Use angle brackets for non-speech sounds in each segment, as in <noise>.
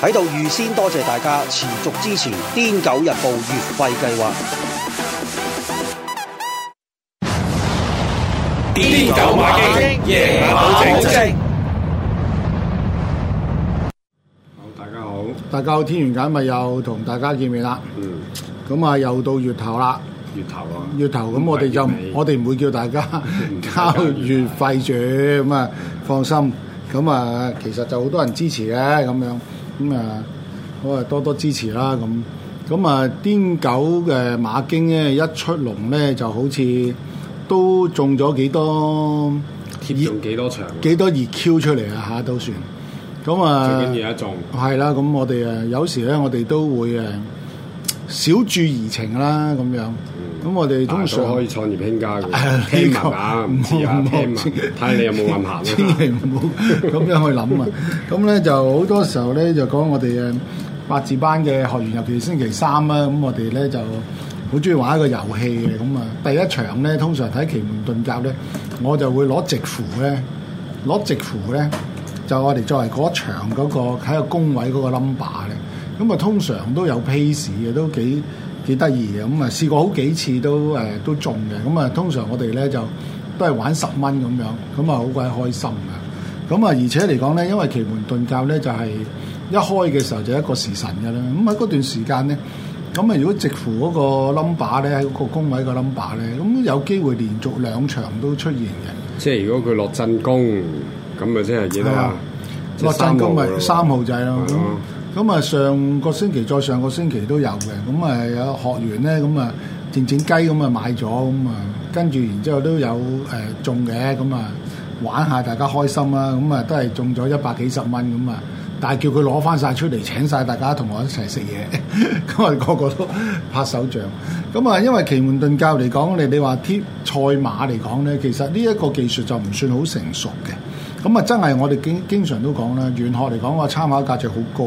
喺度預先多謝大家持續支持《癲狗日報》月費計劃。癲狗馬好，大家好，大家好，天玄解密又同大家見面啦。嗯。咁啊，又到月頭啦。月頭啊。月頭，咁我哋就我哋唔會叫大家，叫大家交月費住，咁啊，啊，放心。咁啊，其實就好多人支持嘅咁、啊、樣。咁啊，我啊多多支持啦，咁咁啊，癲狗嘅馬經咧一出籠咧，就好似都中咗幾多熱、幾多場、幾多二 Q 出嚟啊，嚇都算。咁啊最緊中係啦，咁我哋誒有時咧，我哋都會誒少注怡情啦咁樣。咁我哋通常可以創業興家嘅，啊、聽埋嚇唔似嚇？睇下、啊、不你有冇運下。千祈唔好咁樣去諗啊！咁咧 <laughs> 就好多時候咧就講我哋嘅八字班嘅學員，尤其是星期三啦、啊，咁我哋咧就好中意玩一個遊戲嘅咁啊！第一場咧通常睇奇門遁甲咧，我就會攞直符咧，攞直符咧就我哋作為嗰場嗰個喺個工位嗰個 number 咧，咁啊通常都有 pace 嘅，都幾～幾得意嘅咁啊！試過好幾次都誒、呃、都中嘅咁啊！通常我哋咧就都係玩十蚊咁樣，咁啊好鬼開心嘅。咁、嗯、啊而且嚟講咧，因為奇門遁甲咧就係、是、一開嘅時候就一個時辰嘅啦。咁喺嗰段時間咧，咁、嗯、啊如果直符嗰個 number 咧喺、那個宮位個 number 咧，咁有機會連續兩場都出現嘅。即係如果佢落震宮，咁咪即係幾啊！落震宮咪三號仔咯。咁啊，上個星期再上個星期都有嘅，咁啊有學員咧，咁啊靜靜雞咁啊買咗，咁啊跟住然之後都有誒中嘅，咁、呃、啊玩下大家開心啦、啊，咁啊都係中咗一百幾十蚊咁啊，但係叫佢攞翻晒出嚟請晒大家同我一齊食嘢，咁 <laughs> 啊個個都拍手掌。咁啊，因為奇門遁教嚟講，你你話貼賽馬嚟講咧，其實呢一個技術就唔算好成熟嘅。咁啊，真係我哋經經常都講啦，玄學嚟講個參考價值好高。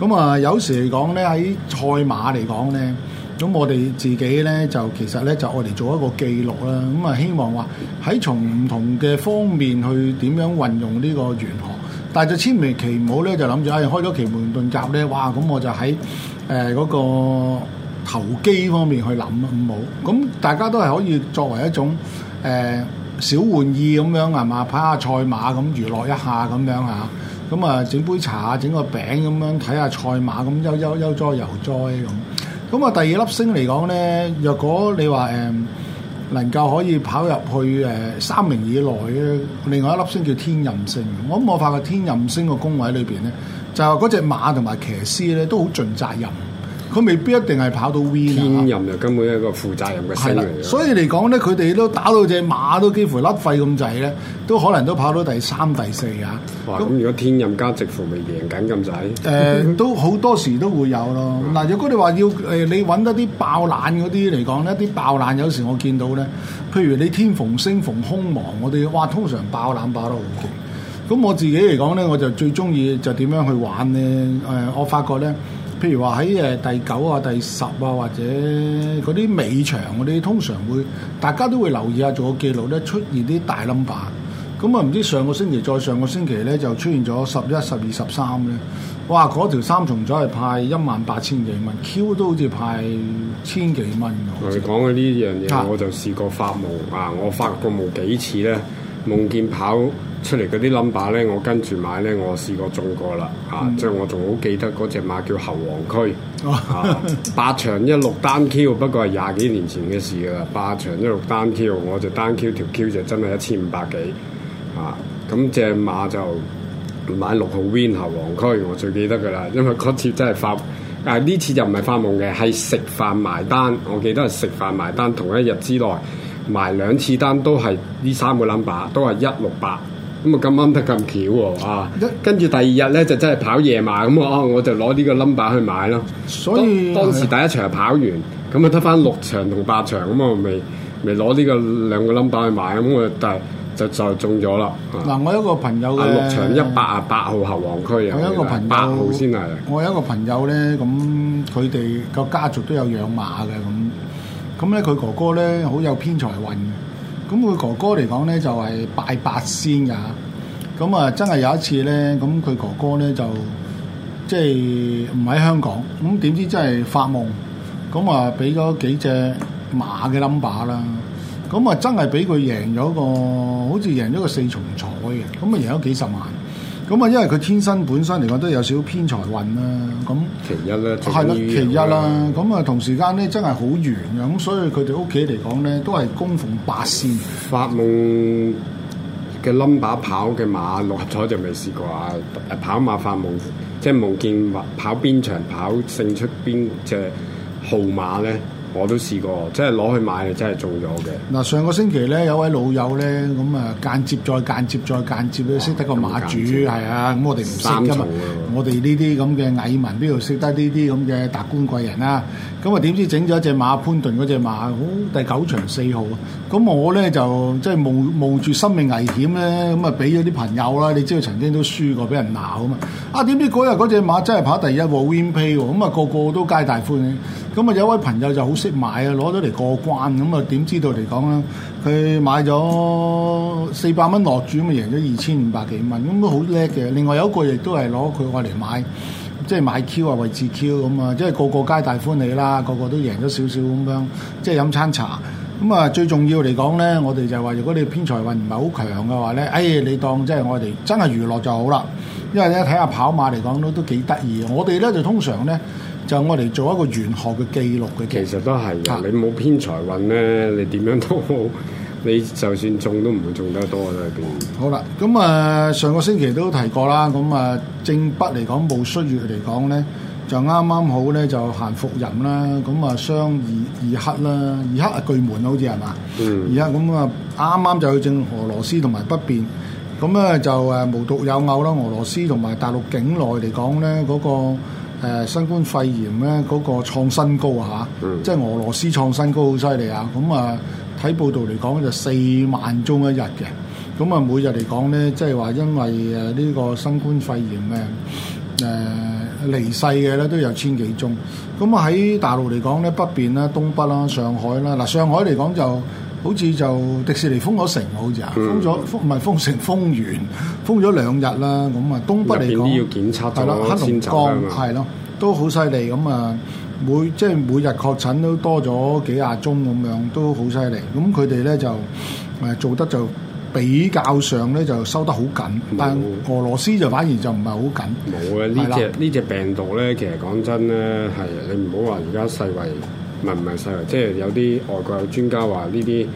咁啊，有時嚟講咧，喺賽馬嚟講咧，咁我哋自己咧就其實咧就我哋做一個記錄啦。咁啊，希望話喺從唔同嘅方面去點樣運用呢個玄學，但係就千祈唔好咧，就諗住啊，開咗奇門遁甲咧，哇！咁我就喺誒嗰個投機方面去諗啊，唔好。咁大家都係可以作為一種誒、呃、小玩意咁樣係嘛，睇下賽馬咁娛樂一下咁樣嚇。啊咁啊，整杯茶啊，整個餅咁樣睇下賽馬咁，悠悠悠哉悠哉咁。咁啊，第二粒星嚟講咧，若果你話誒、呃、能夠可以跑入去誒、呃、三名以內咧，另外一粒星叫天任星。我諗我發覺天任星個宮位裏邊咧，就係嗰隻馬同埋騎師咧都好盡責任。佢未必一定係跑到 V 啦，天任就根本一個負責任嘅新人嚟。所以嚟講咧，佢哋都打到隻馬都幾乎甩肺咁滯咧，都可能都跑到第三、第四呀。哇！咁那那如果天任加直符未贏緊咁滯？誒那，呃、都好 <laughs> 多時都會有咯。嗱，如果你話要誒、呃，你揾得啲爆冷嗰啲嚟講咧，啲爆冷有時我見到咧，譬如你天逢星逢空亡，我哋哇，通常爆冷爆得好攰。咁我自己嚟講咧，我就最中意就點樣去玩咧？誒、呃呃，我發覺咧。譬如話喺誒第九啊、第十啊，或者嗰啲尾場嗰啲，我哋通常會大家都會留意下做個記錄咧，出現啲大冧板。咁啊，唔知上個星期再上個星期咧，就出現咗十一、十二、十三咧。哇！嗰條三重咗係派一萬八千幾蚊，Q 都好似派千幾蚊。我哋講嘅呢樣嘢，我就試過發夢啊！我發過夢幾次咧，夢見跑。出嚟嗰啲 number 咧，我跟住買咧，我試過中過啦，嚇、啊！嗯、即係我仲好記得嗰隻馬叫猴王區，嚇、哦 <laughs> 啊、八場一六單 Q，不過係廿幾年前嘅事噶啦，八場一六單 Q，我就單 Q 條 Q 就真係一千五百幾，嚇、啊！咁隻馬就買六號 win 猴王區，我最記得噶啦，因為嗰次真係發，誒、啊、呢次就唔係發夢嘅，係食飯埋單，我記得係食飯埋單同一日之內埋兩次單都係呢三個 number，都係一六八。咁啊咁啱得咁巧喎啊！跟住第二日咧就真係跑夜馬咁啊，我就攞呢個 number 去買咯。所以當時第一場跑完，咁啊得翻六場同八場，咁我未未攞呢個兩個 number 去買，咁、啊、我但係就就中咗啦。嗱，我一個朋友六場一百啊八號後黃區啊，八號先係。我有一個朋友咧、啊，咁佢哋個,個家族都有養馬嘅咁，咁咧佢哥哥咧好有偏財運。咁佢哥哥嚟講咧就係拜八仙噶，咁啊真係有一次咧，咁佢哥哥咧就即係唔喺香港，咁點知真係發夢，咁啊俾咗幾隻馬嘅 number 啦，咁啊真係俾佢贏咗個，好似贏咗個四重彩嘅，咁啊贏咗幾十萬。咁啊，因為佢天生本身嚟講都有少少偏財運啦，咁，其一咧，係咯，其一啦。咁啊，同時間咧，真係好緣，咁所以佢哋屋企嚟講咧，都係供奉八仙。發夢嘅 number 跑嘅馬六合彩就未試過啊！跑馬發夢，即係夢見跑邊場跑勝出邊隻號碼咧。我都試過，真係攞去買，真係做咗嘅。嗱，上個星期咧，有位老友咧，咁啊間接再間接再間接咧，識得個馬主係啊，咁我哋唔識噶嘛。我哋呢啲咁嘅蟻民邊度識得呢啲咁嘅達官貴人啊？咁啊，點知整咗一隻馬潘頓嗰隻馬，好第九場四號啊！咁、嗯、我咧就即係冒冒住生命危險咧，咁啊俾咗啲朋友啦，你知道曾經都輸過，俾人鬧啊嘛。啊，點知嗰日嗰隻馬真係跑第一部 win pay 喎，咁啊、嗯、個個都皆大歡喜。咁啊，有一位朋友就好識買啊，攞咗嚟過關，咁啊點知道嚟講咧，佢買咗四百蚊落注咁啊，贏咗二千五百幾蚊，咁都好叻嘅。另外有一個亦都係攞佢我嚟買，即係買 Q 啊，位置 Q 咁啊，即係個個皆大歡喜啦，個個都贏咗少少咁樣，即係飲餐茶。咁啊，最重要嚟講咧，我哋就係話，如果你偏財運唔係好強嘅話咧，哎，你當即係我哋真係娛樂就好啦。因為咧睇下跑馬嚟講都都幾得意啊，我哋咧就通常咧。就我嚟做一個玄學嘅記錄嘅，其實都係、啊、你冇偏財運咧，你點樣都好，你就算中都唔會中得多嘅。好啦，咁啊，上個星期都提過啦。咁啊，正北嚟講冇衰佢嚟講咧，就啱啱好咧就行福人啦。咁啊，雙二二黑啦，二黑係巨門好似係嘛？嗯。而家咁啊，啱啱就去正俄羅斯同埋北邊。咁咧就誒無獨有偶啦，俄羅斯同埋大陸境內嚟講咧嗰、嗰個。誒新冠肺炎咧嗰個創新高嚇，mm. 即係俄羅斯創新高好犀利啊！咁啊睇報道嚟講就四萬宗一日嘅，咁啊每日嚟講咧，即係話因為誒呢個新冠肺炎誒誒離世嘅咧都有千幾宗，咁啊喺大陸嚟講咧北邊啦、東北啦、上海啦，嗱上海嚟講就。好似就迪士尼封咗城，好似啊、嗯，封咗封唔係封城封完封咗兩日啦。咁啊，東北嚟講，要檢測係啦，了黑龍江係咯，了都好犀利。咁啊吧，每即係每日確診都多咗幾廿宗咁樣，都好犀利。咁佢哋咧就誒做得就比較上咧就收得好緊，有但係俄羅斯就反而就唔係好緊。冇啊有！呢隻呢隻病毒咧，其實講真咧係你唔好話而家世衛。唔係唔係世即係有啲外國有專家話呢啲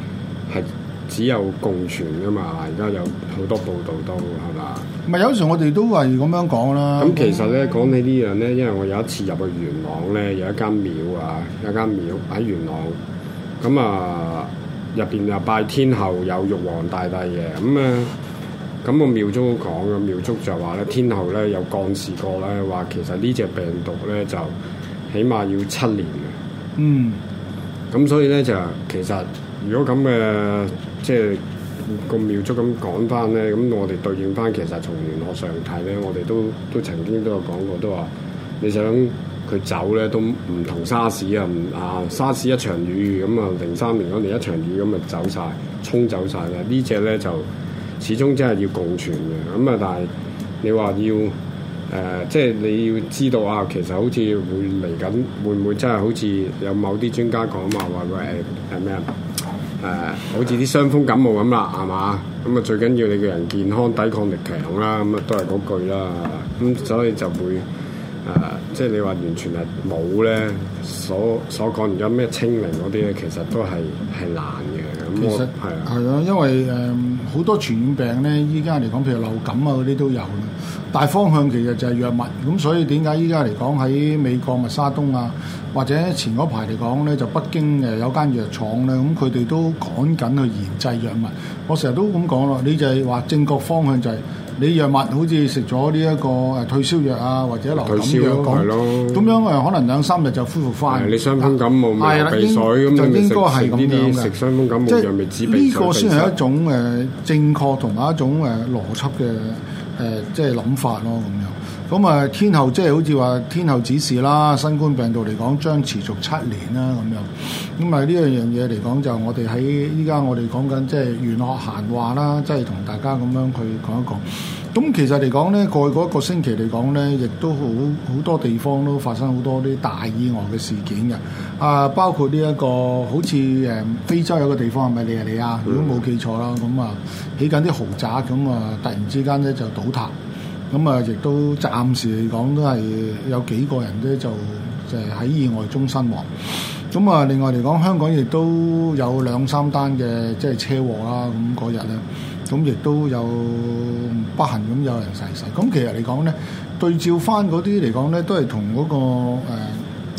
係只有共存噶嘛，而家有好多報道都係嘛。唔係有時我哋都係咁樣講啦。咁其實咧講，嗯，起呢樣咧，因為我有一次入去元朗咧有一間廟啊，有一間廟喺元朗。咁啊入邊啊拜天后有玉皇大帝嘅，咁啊咁個廟祝講，個廟祝就話咧，天后咧有降示過咧話其實呢隻病毒咧就起碼要七年。嗯，咁所以咧就其實，如果咁嘅即係咁苗足咁講翻咧，咁我哋對應翻，其實從連學上睇咧，我哋都都曾經都有講過，都話你想佢走咧都唔同沙士啊，啊沙士一場雨咁啊，零三年嗰年一場雨咁咪走晒、沖走晒啦。呢隻咧就始終真係要共存嘅，咁啊但係你話要。誒、呃，即係你要知道啊！其實好似會嚟緊，會唔會真係好似有某啲專家講嘛？話喂，係咩啊？誒、呃，好似啲傷風感冒咁啦，係嘛？咁、嗯、啊，最緊要你個人健康抵抗力強啦，咁、嗯、啊都係嗰句啦。咁、嗯、所以就會誒、呃，即係你話完全係冇咧，所所講而家咩清零嗰啲咧，其實都係係難嘅。咁、嗯、其實 我係啊，係啊，因為誒好、呃、多傳染病咧，依家嚟講，譬如流感啊嗰啲都有。大方向其實就係藥物，咁所以點解依家嚟講喺美國默沙東啊，或者前嗰排嚟講咧，就北京誒有間藥廠咧，咁佢哋都趕緊去研製藥物。我成日都咁講咯，你就係話正確方向就係、是、你藥物好似食咗呢一個誒退燒藥啊，或者流感藥，退燒藥係咁說的樣誒可能兩三日就恢復翻。你傷風感冒咁樣鼻水咁，的嗯、你食食呢啲，食傷風感冒藥咪止呢個先係一種誒正確同埋一種誒邏輯嘅。誒即係諗法咯咁樣，咁啊天后即係好似話天后指示啦，新冠病毒嚟講將持續七年啦咁樣，咁啊呢樣嘢嚟講就我哋喺依家我哋講緊即係玄學閒話啦，即係同大家咁樣去講一講。咁其實嚟講咧，過去一個星期嚟講咧，亦都好好多地方都發生好多啲大意外嘅事件嘅。啊，包括呢、這、一個好似誒、呃、非洲有一個地方係咪你亞你亞，如果冇記錯啦，咁啊起緊啲豪宅，咁啊突然之間咧就倒塌，咁啊亦都暫時嚟講都係有幾個人咧就誒喺意外中身亡。咁啊，另外嚟講，香港亦都有兩三單嘅即係車禍啦。咁嗰日咧。咁亦都有不幸咁有人逝世。咁其實嚟講咧，對照翻嗰啲嚟講咧，都係同嗰個誒、呃、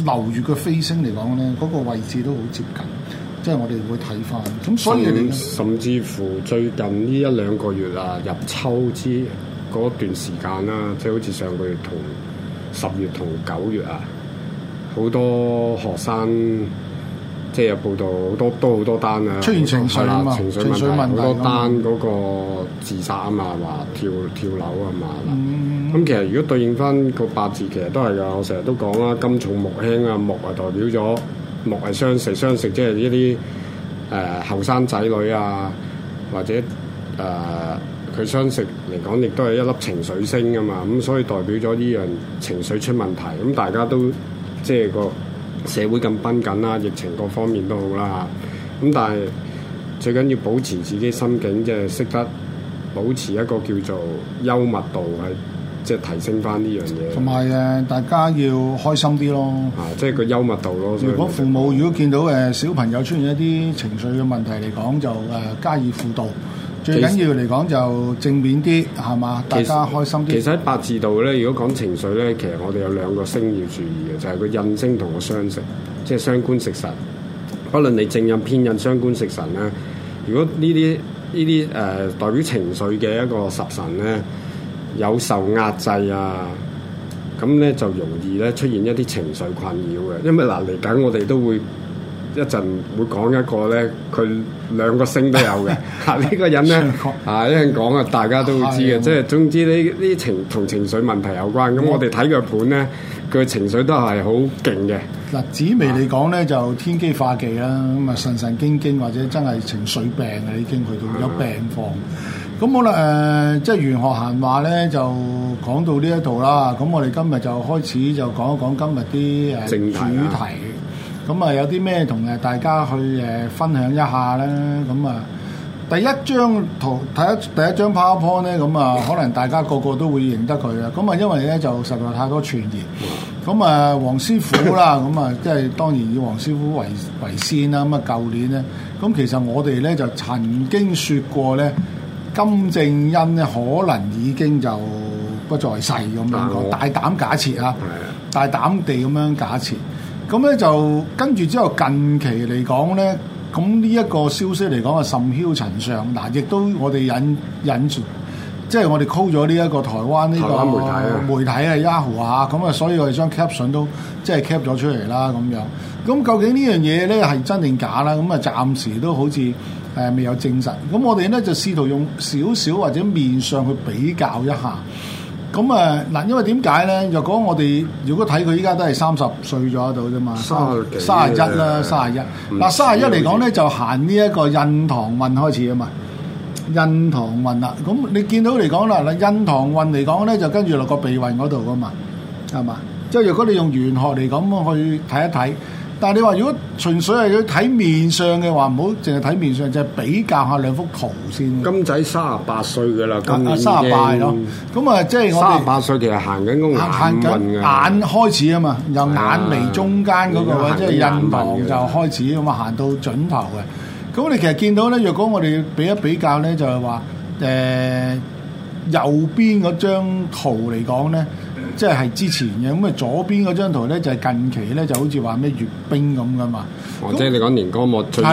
流月嘅飛星嚟講咧，嗰、那個位置都好接近。即係我哋會睇翻。咁所以甚至乎最近呢一兩個月啊，入秋之嗰段時間啦，即、就、係、是、好似上個月同十月同九月啊，好多學生。即係報道好多都好多單啊，出現情緒道問題、情緒問題好多單嗰個自殺啊嘛，話跳跳樓啊嘛。咁、嗯、其實如果對應翻個八字，其實都係噶。我成日都講啦，金重木輕啊，木啊代表咗木係相食，相食即係一啲誒後生仔女啊，或者誒佢、呃、相食嚟講，亦都係一粒情緒星啊嘛。咁所以代表咗呢樣情緒出問題。咁大家都即係個。社會咁繃緊啦，疫情各方面都好啦。咁但係最緊要保持自己心境，即係識得保持一個叫做幽默度，係即係提升返呢樣嘢。同埋誒，大家要開心啲咯。啊，即係個幽默度咯。如果父母以如果見到誒小朋友出現一啲情緒嘅問題嚟講，就誒加以輔導。最緊要嚟講就正面啲係嘛，大家開心啲。其實喺八字度咧，如果講情緒咧，其實我哋有兩個星要注意嘅，就係、是、個印星同個傷食，即係傷官食神。不論你正印、偏印、傷官食神咧，如果呢啲呢啲誒代表情緒嘅一個十神咧，有受壓制啊，咁咧就容易咧出現一啲情緒困擾嘅。因為嗱嚟緊我哋都會。一陣會講一個咧，佢兩個星都有嘅， <laughs> 啊呢、這個人咧， <laughs> 啊一陣講啊，大家都會知嘅， <laughs> 的即係總之呢呢情同情緒問題有關。咁、嗯、我哋睇佢盤咧，佢情緒都係好勁嘅。嗱、嗯，紫微嚟講咧就天機化忌啦，咁啊神神經經或者真係情緒病啊，已經去到有病況。咁、嗯、好啦，誒、呃、即係袁學閒話咧就講到呢一度啦。咁我哋今日就開始就講一講今日啲誒主題。咁啊，有啲咩同誒大家去誒分享一下咧？咁啊，第一張圖睇一第一張 PowerPoint 咧，咁啊，可能大家個個都會認得佢啊。咁啊，因為咧就實在太多傳言。咁啊，黃師傅啦，咁啊，即 <coughs> 係當然以黃師傅為為先啦。咁啊，舊年咧，咁其實我哋咧就曾經説過咧，金正恩咧可能已經就不在世咁樣講，大膽假設啊，的大膽地咁樣假設。咁咧就跟住之後近期嚟講咧，咁呢一個消息嚟講啊甚囂塵上嗱，亦、啊、都我哋隱隱住，即係我哋 call 咗呢一個台灣呢、呢個媒體啊 Yahoo 啊，咁啊，啊所以我哋將 caption 都即係 cap 咗出嚟啦咁樣。咁究竟呢樣嘢咧係真定假啦？咁啊暫時都好似誒未有證實。咁我哋咧就試圖用少少或者面相去比較一下。咁啊，嗱，因為點解咧？若果我哋如果睇佢依家都係三十歲咗度啫嘛，三十一啦，三十一。嗱行，三十一嚟講咧，像就行呢一個印堂運開始啊嘛，印堂運啦。咁你見到嚟講啦，嗱，印堂運嚟講咧，就跟住落個鼻運嗰度噶嘛，係嘛？即係如果你用玄學嚟講去睇一睇，但係你話如果純粹係要睇面相嘅話，唔好淨係睇面相，就係比較下兩幅圖先。金仔三十八歲㗎喇，三十八咯。咁啊，即係我哋三十八歲其實行緊個眼運眼開始啊嘛，由眼眉中間嗰、嗰個、啊嗯、即係印堂就開始，咁嘛？行到準頭嘅。咁我哋其實見到咧，若果我哋比一比較咧，就係話誒右邊嗰張圖嚟講咧，即係係之前嘅，咁啊左邊嗰張圖咧就係、是、近期咧就好似話咩閱兵咁噶嘛。或者、哦、那你講年歌木最右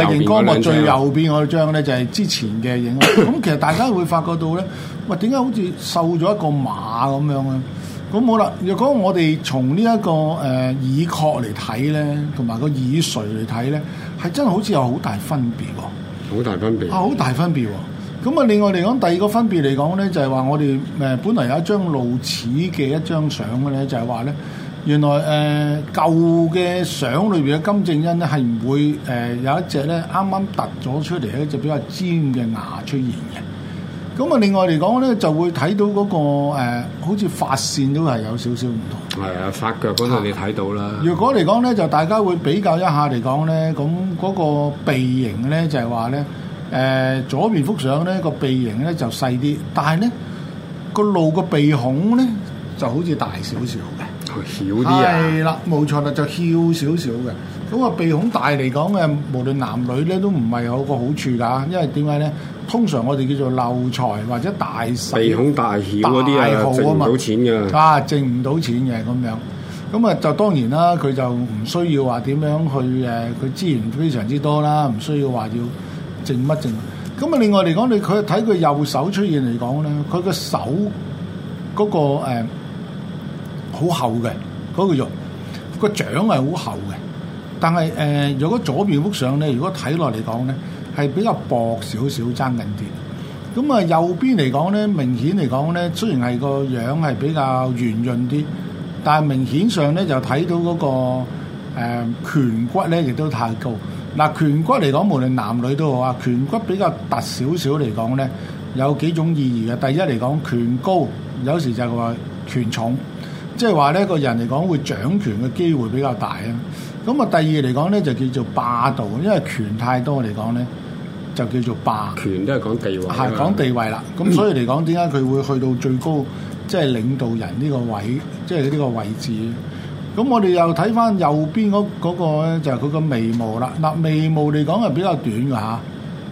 邊嗰張咧，就係、是、之前嘅影。咁 <coughs> 其實大家會發覺到咧，喂，點解好似瘦咗一個馬咁樣咧？咁好啦，若果我哋從、這個呃、呢一個誒耳廓嚟睇咧，同埋個耳垂嚟睇咧，係真係好似有好大分別喎。好大分別。啊，好大分別喎。咁啊，另外嚟講，第二個分別嚟講咧，就係話我哋誒本嚟有一張露齒嘅一張相嘅咧，就係話咧，原來誒、呃、舊嘅相裏邊嘅金正恩咧，係唔會誒、呃、有一隻咧啱啱突咗出嚟咧，一隻比較尖嘅牙出現嘅。咁啊，另外嚟講咧，就會睇到嗰個、呃、好似髮線都係有少少唔同。係啊，髮腳嗰度你睇到啦。如果嚟講咧，就大家會比較一下嚟講咧，咁嗰個鼻型咧，就係話咧。誒，左邊幅相咧，個鼻型咧就細啲，但係咧，個路個鼻孔咧就好似大少少嘅，佢小啲啊，係啦、哎，冇錯啦，就小少少嘅。咁啊，鼻孔大嚟講嘅，無論男女咧都唔係有個好處㗎，因為點解咧？通常我哋叫做漏財或者大竇，鼻孔大竇嗰啲啊，掙唔到錢嘅。啊，剩唔到錢嘅咁樣。咁啊就當然啦，佢就唔需要話點樣去誒，佢資源非常之多啦，唔需要話要。正乜正？咁啊，另外嚟講，你佢睇佢右手出現嚟講咧，佢、那個手嗰個好厚嘅，嗰、那個肉、那個掌係好厚嘅。但係誒、呃，如果左邊幅相咧，如果睇落嚟講咧，係比較薄少少，爭緊啲。咁、呃、啊，右邊嚟講咧，明顯嚟講咧，雖然係個樣係比較圓潤啲，但係明顯上咧就睇到嗰、那個誒、呃、顴骨咧亦都太高。嗱，顴骨嚟講，無論男女都好啊。顴骨比較突少少嚟講咧，有幾種意義嘅。第一嚟講，權高，有時就係話權重，即係話呢個人嚟講會掌權嘅機會比較大啊。咁啊，第二嚟講咧就叫做霸道，因為權太多嚟講咧就叫做霸。權都係講地位。係講地位啦。咁、嗯、所以嚟講，點解佢會去到最高即係、就是、領導人呢個位，即係呢個位置？咁我哋又睇翻右邊嗰嗰個咧，就係佢個眉毛啦。嗱，眉毛嚟講係比較短㗎吓。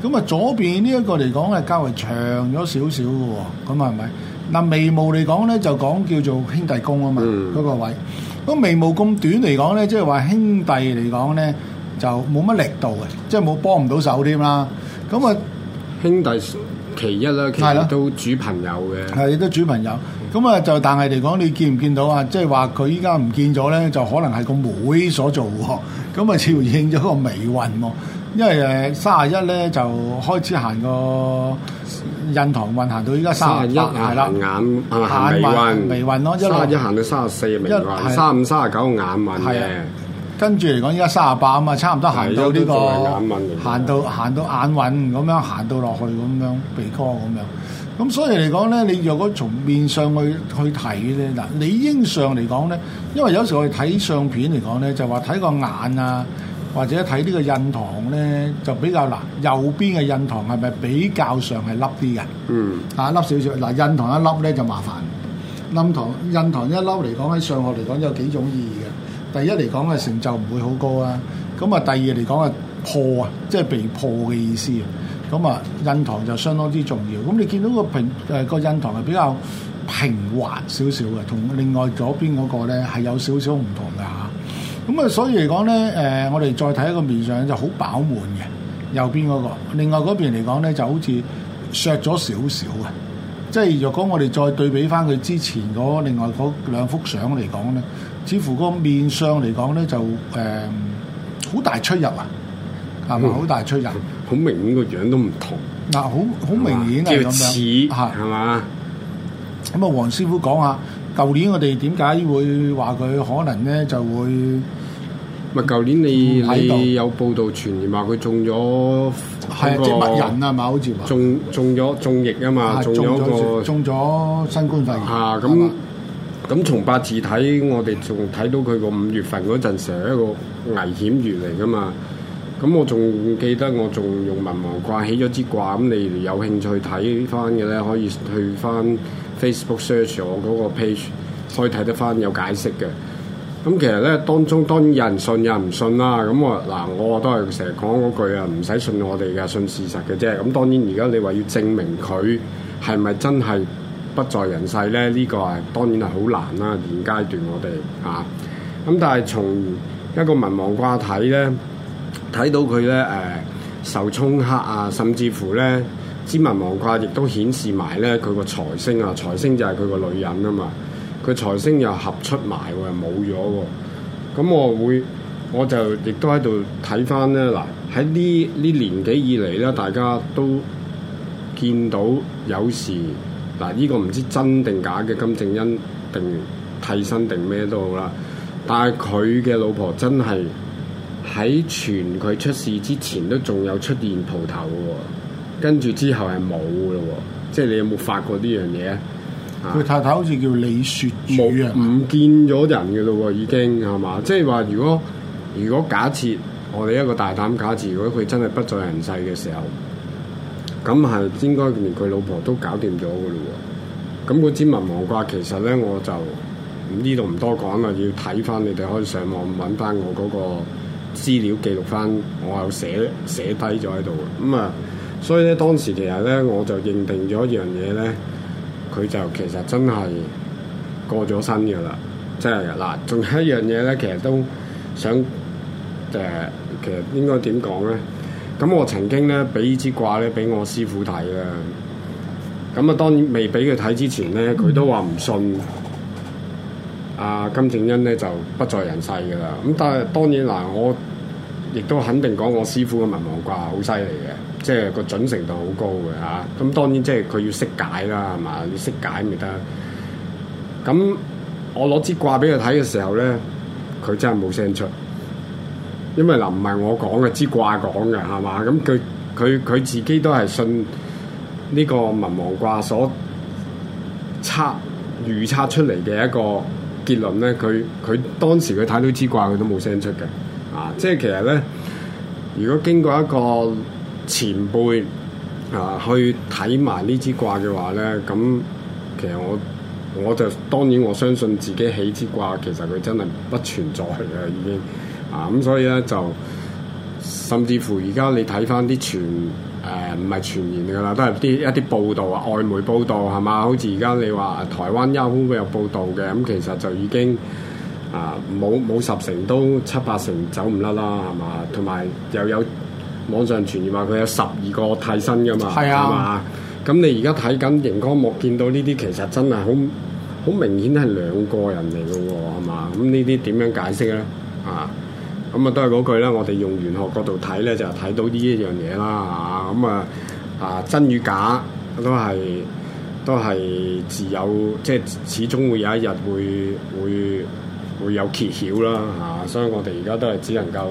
咁啊，左邊呢一個嚟講係較為長咗少少嘅喎。咁係咪？嗱，眉毛嚟講咧就講叫做兄弟宮啊嘛。嗰個位，咁眉毛咁短嚟講咧，即係話兄弟嚟講咧就冇乜力度嘅，即係冇幫唔到手添啦。咁啊，兄弟其一啦，其實都主朋友嘅，係都主朋友。咁啊，就但係嚟講，你見唔見到啊？即係話佢依家唔見咗咧，就可能係個妹妹所做咁啊，照應咗個眉運喎。因為誒卅一咧就開始行個印堂運，行到依家三十一，係啦，眼眼運眉運，卅一行到卅四眉運，三五卅九眼運嘅。跟住嚟講，依家卅八啊嘛，差唔多行到呢、呢個眼運行到行到眼運咁樣行到落去咁樣，鼻哥咁樣。咁所以嚟講咧，你若果從面上去去睇咧，嗱，理應上嚟講咧，因為有時候我哋睇相片嚟講咧，就話睇個眼啊，或者睇呢個印堂咧，就比較難。右邊嘅印堂係咪比較上係凹啲嘅？嗯，啊凹少少，嗱，印堂一凹咧就麻煩。冧堂印堂一凹嚟講，喺相學嚟講有幾種意義嘅。第一嚟講啊，成就唔會好高啊。咁啊第二嚟講係破啊，即係被破嘅意思啊。咁啊，印堂就相當之重要。咁你見到個平誒、呃、個印堂係比較平滑少少嘅，同另外左邊嗰個咧係有少少唔同嘅嚇。咁啊，所以嚟講咧，誒、呃、我哋再睇一個面相就好飽滿嘅右邊嗰、那個，另外嗰邊嚟講咧就好似削咗少少嘅。即係若果我哋再對比翻佢之前嗰另外嗰兩幅相嚟講咧，似乎個面相嚟講咧就誒好、呃、大出入啊，係咪好大出入？好明顯個樣都唔同，嗱，好好明顯啊，咁似係，係嘛？咁啊，黃師傅講下，舊年我哋點解會話佢可能咧就會，咪，係舊年你你有報道傳言話佢中咗係即係植物人啊嘛？好似話中中咗中疫啊嘛？中咗中咗新冠肺炎啊，咁，咁從八字睇，我哋仲睇到佢個五月份嗰陣成一個危險月嚟㗎嘛？咁我仲記得我仲用文王卦起咗支卦，咁你有興趣睇翻嘅咧，可以去翻 Facebook search 我嗰個 page，可以睇得翻有解釋嘅。咁其實咧，當中當然有人信，有人唔信啦、啊。咁我嗱，我都係成日講嗰句啊，唔使信我哋嘅，信事實嘅啫。咁當然而家你話要證明佢係咪真係不在人世咧，呢、呢個係當然係好難啦、啊。現階段我哋嚇，咁、啊、但係從一個文王卦睇咧。睇到佢咧，誒、呃、受衝克啊，甚至乎咧，支文王卦亦都顯示埋咧，佢個財星啊，財星就係佢個女人啊嘛，佢財星又合出埋喎，又冇咗喎，咁我會，我就亦都喺度睇翻咧，嗱喺呢呢年紀以嚟咧，大家都見到有時嗱，呢、這個唔知真定假嘅金正恩定替身定咩都好啦，但係佢嘅老婆真係。喺存佢出事之前都仲有出現蒲頭嘅喎，跟住之後係冇嘅咯喎，即係你有冇發過呢樣嘢啊？佢太太好似叫李雪主啊，唔見咗人嘅咯喎，已經係嘛？即係話如果如果假設我哋一個大膽假設，如果佢真係不在人世嘅時候，咁係應該連佢老婆都搞掂咗嘅咯喎。咁嗰支文盲卦其實咧，我就呢度唔多講啦，要睇翻你哋可以上網揾翻我嗰個。資料記錄翻，我有寫寫低咗喺度。咁啊，所以咧當時其實咧，我就認定咗一樣嘢咧，佢就其實真係過咗身嘅、就是、啦。即係嗱，仲有一樣嘢咧，其實都想誒、呃，其實應該點講咧？咁我曾經咧俾支卦咧俾我師傅睇嘅。咁啊，當然未俾佢睇之前咧，佢、嗯、都話唔信。阿、啊、金正恩咧就不在人世噶啦，咁但係當然嗱，我亦都肯定講我師傅嘅文王卦好犀利嘅，即係個準成度好高嘅吓。咁、啊、當然即係佢要識解啦，係嘛，要識解咪得。咁、啊、我攞支卦俾佢睇嘅時候咧，佢真係冇聲出，因為嗱唔係我講嘅，支卦講嘅係嘛，咁佢佢佢自己都係信呢個文王卦所測預測出嚟嘅一個。結論咧，佢佢當時佢睇到支卦佢都冇聲出嘅，啊！即係其實咧，如果經過一個前輩啊去睇埋呢支卦嘅話咧，咁、嗯、其實我我就當然我相信自己起支卦，其實佢真係不存在嘅已經，啊咁、嗯、所以咧就甚至乎而家你睇翻啲全。誒唔係傳言㗎啦，都係啲一啲報道啊，外媒報道係嘛？好似而家你話台灣 Yahoo 有報道嘅，咁其實就已經啊冇冇十成都七八成走唔甩啦，係嘛？同埋又有，有網上傳言話佢有十二個替身㗎嘛，係啊，係嘛，咁你而家睇緊熒光幕見到呢啲，其實真係好好明顯係兩個人嚟嘅喎，係嘛？咁呢啲點樣解釋咧？啊？咁、嗯、啊，都係嗰句啦。我哋用玄學角度睇咧，就睇到呢一樣嘢啦，嚇。咁啊，啊真與假都係都係自有，即係始終會有一日會會會有揭曉啦，嚇、啊。所以我哋而家都係只能夠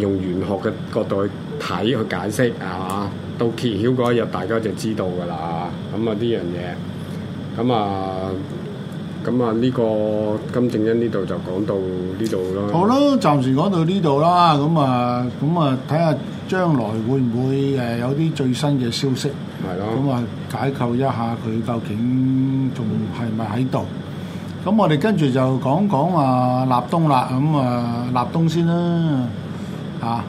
用玄學嘅角度去睇去解釋，嚇、啊。到揭曉嗰一日，大家就知道噶啦。咁啊，呢樣嘢，咁啊。咁啊，呢個金正恩呢度就講到呢度咯。好啦，暫時講到呢度啦。咁啊，咁啊，睇下將來會唔會誒有啲最新嘅消息。係咯。咁啊，解構一下佢究竟仲係咪喺度？咁我哋跟住就講講啊立冬啦。咁啊，立冬先啦。嚇！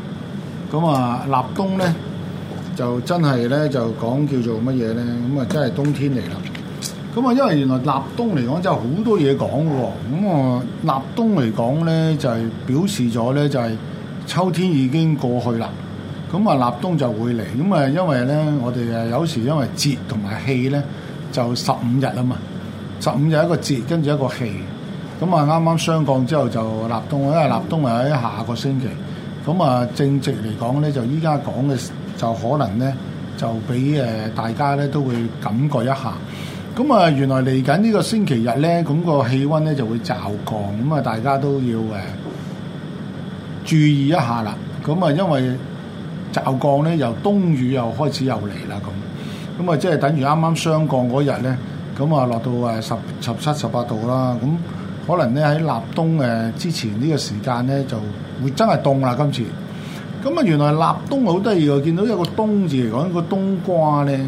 咁啊，立冬咧就真係咧就講叫做乜嘢咧？咁啊，真係冬天嚟啦！咁啊，因為原來立冬嚟講真係好多嘢講嘅喎。咁啊，立冬嚟講咧就係表示咗咧就係秋天已經過去啦。咁啊，立冬就會嚟。咁啊，因為咧我哋誒有時因為節同埋氣咧就十五日啊嘛，十五日一個節，跟住一個氣。咁啊，啱啱霜降之後就立冬，因為立冬係喺下個星期。咁啊，正值嚟講咧，就依家講嘅就可能咧就俾誒大家咧都會感覺一下。咁啊，原來嚟緊呢個星期日咧，咁個氣温咧就會驟降，咁啊大家都要誒注意一下啦。咁啊，因為驟降咧，由冬雨又開始又嚟啦，咁，咁啊，即係等於啱啱霜降嗰日咧，咁啊落到誒十十七十八度啦，咁可能咧喺立冬誒之前呢個時間咧，就會真係凍啦今次。咁啊，原來立冬好得意喎，見到一個冬字嚟講，一個冬瓜咧。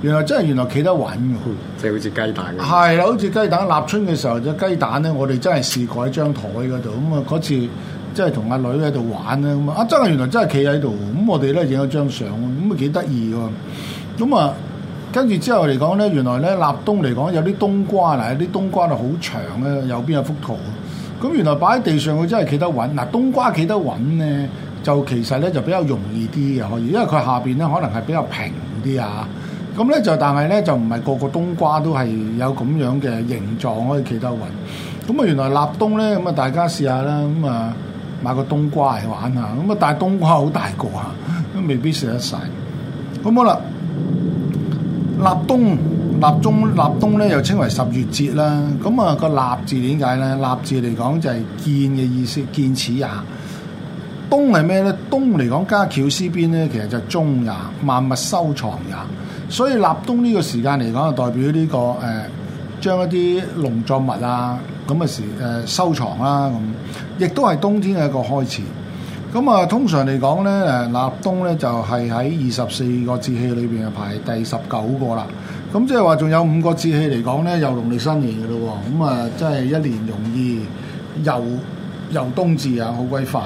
原來真係原來企得穩嘅，即係好似雞蛋嘅。係啊，好似雞蛋。立春嘅時候，隻雞蛋咧，我哋真係試過喺張台嗰度。咁啊，嗰次即係同阿女喺度玩咧。咁啊，真係原來真係企喺度。咁我哋咧影咗張相，咁啊幾得意喎。咁啊，跟住之後嚟講咧，原來咧立冬嚟講有啲冬瓜嗱，有啲冬瓜啊好長嘅，右邊有幅圖。咁原來擺喺地上佢真係企得穩。嗱、啊，冬瓜企得穩咧，就其實咧就比較容易啲嘅可以，因為佢下邊咧可能係比較平啲啊。咁咧就，但係咧就唔係個個冬瓜都係有咁樣嘅形狀可以企得穩。咁啊，原來立冬咧，咁啊大家試下啦。咁啊，買個冬瓜嚟玩下。咁啊，大冬瓜好大個啊，都未必食得晒。咁好啦，立冬、立中、立冬咧，又稱為十月節啦。咁啊，個立字點解咧？立字嚟講就係建嘅意思，建此也。冬係咩咧？冬嚟講加絞絲邊咧，其實就終也，萬物收藏也。所以立冬呢個時間嚟講，就代表呢、這個誒、呃、將一啲農作物啊咁嘅時誒、呃、收藏啦、啊，咁亦都係冬天嘅一個開始。咁啊，通常嚟講咧誒立冬咧就係喺二十四個節氣裏邊啊排第十九個啦。咁即係話仲有五個節氣嚟講咧，又農曆新年嘅啦喎。咁啊，真係一年容易又又冬至啊，好鬼快！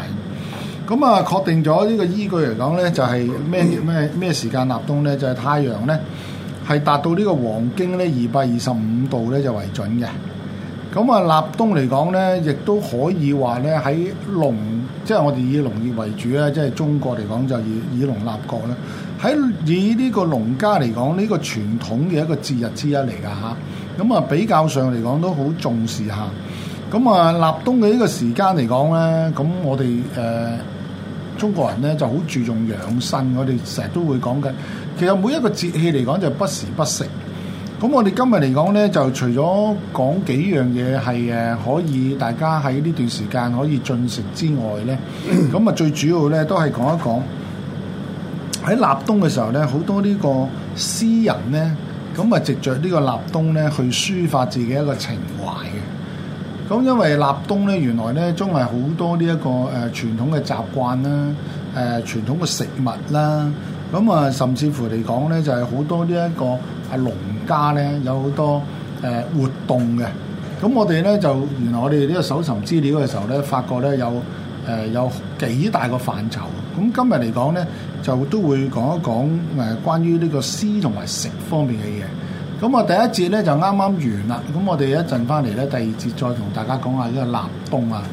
咁啊，確定咗呢個依據嚟講咧，就係咩咩咩時間立冬咧，就係、是、太陽咧，係達到呢個黃經咧二百二十五度咧就為準嘅。咁啊，立冬嚟講咧，亦都可以話咧喺農，即係、就是、我哋以農業為主咧，即、就、係、是、中國嚟講就以以農立國咧。喺以呢個農家嚟講，呢、這個傳統嘅一個節日之一嚟㗎嚇。咁啊，比較上嚟講都好重視下。咁啊，立冬嘅呢個時間嚟講咧，咁我哋誒。呃中國人咧就好注重養生，我哋成日都會講緊。其實每一個節氣嚟講，就不時不食。咁我哋今日嚟講咧，就除咗講幾樣嘢係誒可以大家喺呢段時間可以進食之外咧，咁啊 <coughs> 最主要咧都係講一講喺立冬嘅時候咧，好多呢個詩人咧，咁啊藉着呢個立冬咧去抒發自己一個情懷嘅。咁因為立冬咧，原來咧，將埋好多呢、這、一個誒傳、呃、統嘅習慣啦，誒、呃、傳統嘅食物啦，咁、呃、啊，甚至乎嚟講咧，就係、是、好多農呢一個係農家咧，有好多誒、呃、活動嘅。咁、嗯、我哋咧就原來我哋呢個搜尋資料嘅時候咧，發覺咧有誒有幾大個範疇。咁、嗯、今日嚟講咧，就都會講一講誒關於呢個詩同埋食方面嘅嘢。咁我第一節咧就啱啱完啦，咁我哋一陣翻嚟咧，第二節再同大家講下呢個立冬啊。